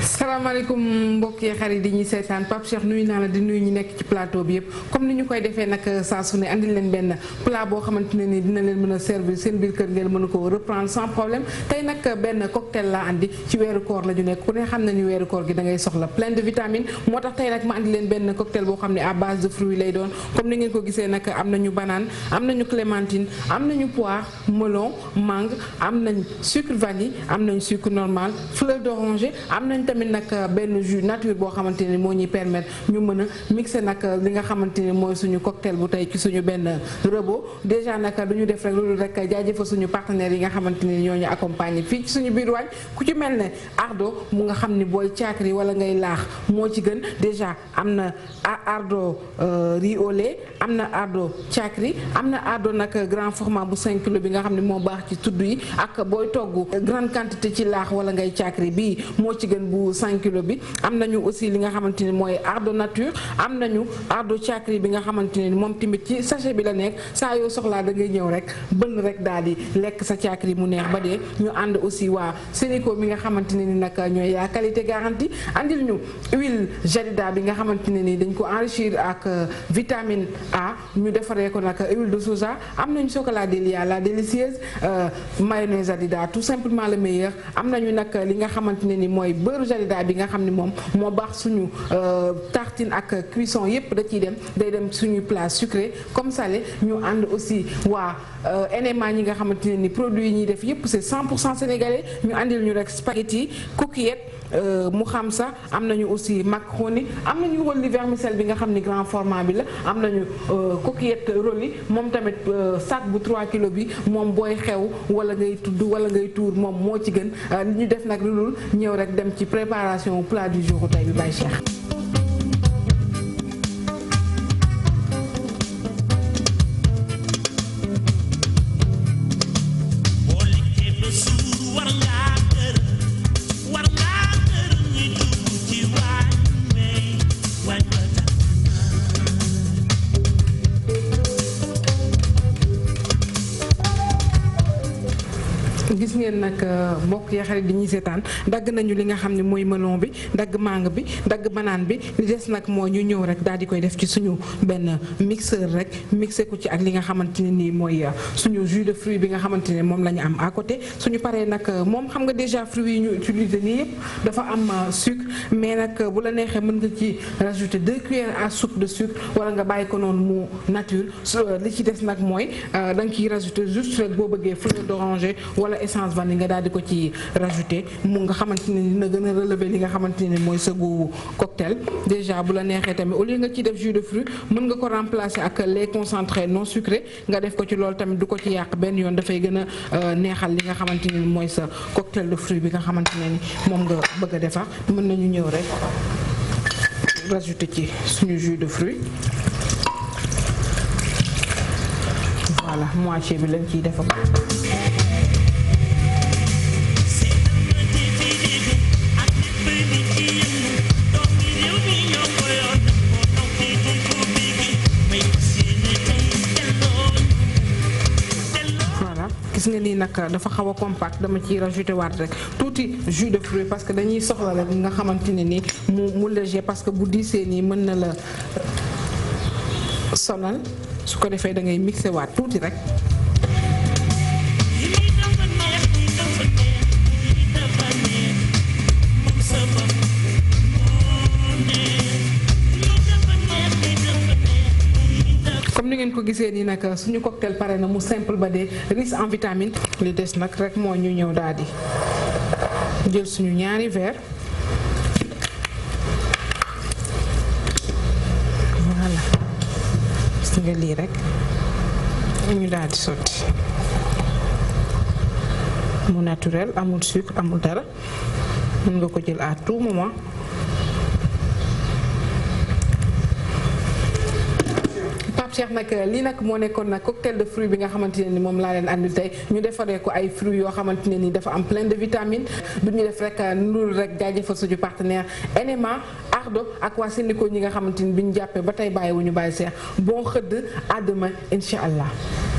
salaamaaleykum mbokki xarit yi ñuy seetaan Pape Cheikh nuyu naa la di nuyu ñu nekk ci plateau bi yëpp comme ni ñu koy defee nag euh, saa su ne andil leen benn plat boo xamante ne ni dina leen mën a servir seen biir kër ngeen mën ko reprendre sans problème tey nag euh, benn cocktail laa andi ci weeru koor la ñu nekk ku ne xam na ñu weeru koor gi da ngay soxla plein de vitamines moo tax tey nag ma andi leen benn cocktail boo xam ne à base de fruits lay doon comme ni ngeen ko gisee nag am nañu banane am nañu clémentine am nañu poire melon mangue am nañ sucre vanille am nañ sucre normal fleur d'oranger nañ tamit nag euh, benn jus nature boo xamante ni moo ñuy permettre ñu mën a mixer nag euh, li nga xamante ni mooy suñu cocktail bu tey ci suñu benn rebo déjà nag duñu ñu def rek loolu rek jaajëfal suñu partenaires yi nga xamante ni ñoo ñu accompagner fii ci suñu biir waañ ku ci mel ne ardo mu nga xam ni booy caakri wala ngay laax moo ci gën déjà am na ardo euh, riz au lait am na ardo caakri am na ardo nag grand format bu 5 kilo bi nga xam ne moo baax ci tudd yi ak booy togg grande quantité ci laax wala ngay caakri bii bu 5 kilo bi am nañu aussi li nga xamante ni mooy ardo nature am nañu ardo càkkri bi nga xamante ni moom tamit ci sachet bi la nekk saa yoo soxlaa da ngay ñëw rek bënn rek daal di lekk sa càkkri mu neex ba dee ñu ànd aussi waa Sénico mi nga xamante ne ni nag ñooy yaa qualité garantie andil ñu huile jadida bi nga xamante ne ni dañ ko enrichir ak euh, vitamine A ñu defaree ko nag huile de soja am nañu chocolat Delia la délicieuse euh, mayonnaise jadida tout simplement le am mooy beurre margarita bi nga xam ne moom moo baax suñu euh, tartine ak cuisson yépp da ciy dem day dem suñu plat sucré comme salé ñu ànd aussi waa euh, NMA ñi nga xamante ne ni produit yi ñuy def yépp c'est 100 pour cent sénégalais ñu àndil ñu rek spaghetti coquillette euh, mu xam sax am nañu aussi macaroni am nañu rôli vermicelle bi nga xam ni grand format bi la am nañu coquillette rôli moom tamit sat bu 3 kilos bi moom booy xew wala ngay tudd wala ngay tuur moom moo ci gën ñu def nag lu préparation plat du jour tey bi Baye Cheikh gis ngeen nag euh, mbokk ya xarit di ñuy seetaan dagg nañu li nga xam ne mooy melon bi dagg màng bi dagg banaan bi li des nag moo ñu ñëw rek daal di koy def ci suñu benn mixeur rek mixé ko ci ak li nga xamante ne nii mooy euh, suñu jus de fruit bi nga xamante ne moom la am à côté suñu paree nag euh, moom xam nga déjà fruit yi ñu utiliser nii dafa am sucre mais nag bu la neexee mën nga ci rajouter de cuillères à soupe de sucre wala nga bàyyi ko noonu mu nature li ci des nag mooy da nga ciy rajouter juste rek boo bëggee fleur d'oranger wala wala essence vanille nga daal di ko ci rajouter mu nga xamante ne dina gën a relever li nga xamante ne mooy sa goût cocktail déjà bu la neexee tamit au lieu nga ciy def jus de fruit mën nga ko remplacer ak lait concentré non sucré nga def ko ci loolu tamit du ko ci yàq benn yoon dafay gën a euh, neexal li nga xamante ni mooy sa cocktail de fruit bi nga xamante ne ni moom nga bëgg a defar mën nañu ñëw rek rajouter ci suñu jus de fruit voilà moitié bi lañ ciy defar nga lii nag dafa xaw a compact dama ciy rajouté waat rek tuuti jus de fruit parce que dañuy soxla rek nga xamante ne nii mu mu léger parce que bu diisee nii mën na la euh, sonal su ko defee da ngay mixé waat tuuti rek. ko gisee nii nag suñu cocktail pare na mu simple ba dee riche en vitamine li des nag rek moo ñu ñëw daal jël suñu ñaari verre voilà lii rek ñu daal di mu naturel amul sucre amul dara mën nga ko jël à tout moment Pape Cheikh nag lii nag moo nekkoon nag cocktail de fruits bi nga xamante ne ni moom laa leen andil tey ñu defaree ko ay fruits yoo xamante ne ni dafa am plein de vitamines du ñu def rek ndul euh, rek jaajëfal suñu partenaire NMA Ardo ak waa Sénico ñi nga xamante ni bi ñu jàppee ba tey bàyyi wu ñu bàyyi seex boo xëdd àdduma demain incha allah.